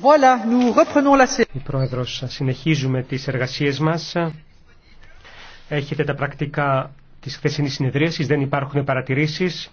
Voilà, nous reprenons la... Πρόεδρος, συνεχίζουμε τις εργασίες μας. Έχετε τα πρακτικά της χθεσινής συνεδρίασης, δεν υπάρχουν παρατηρήσεις.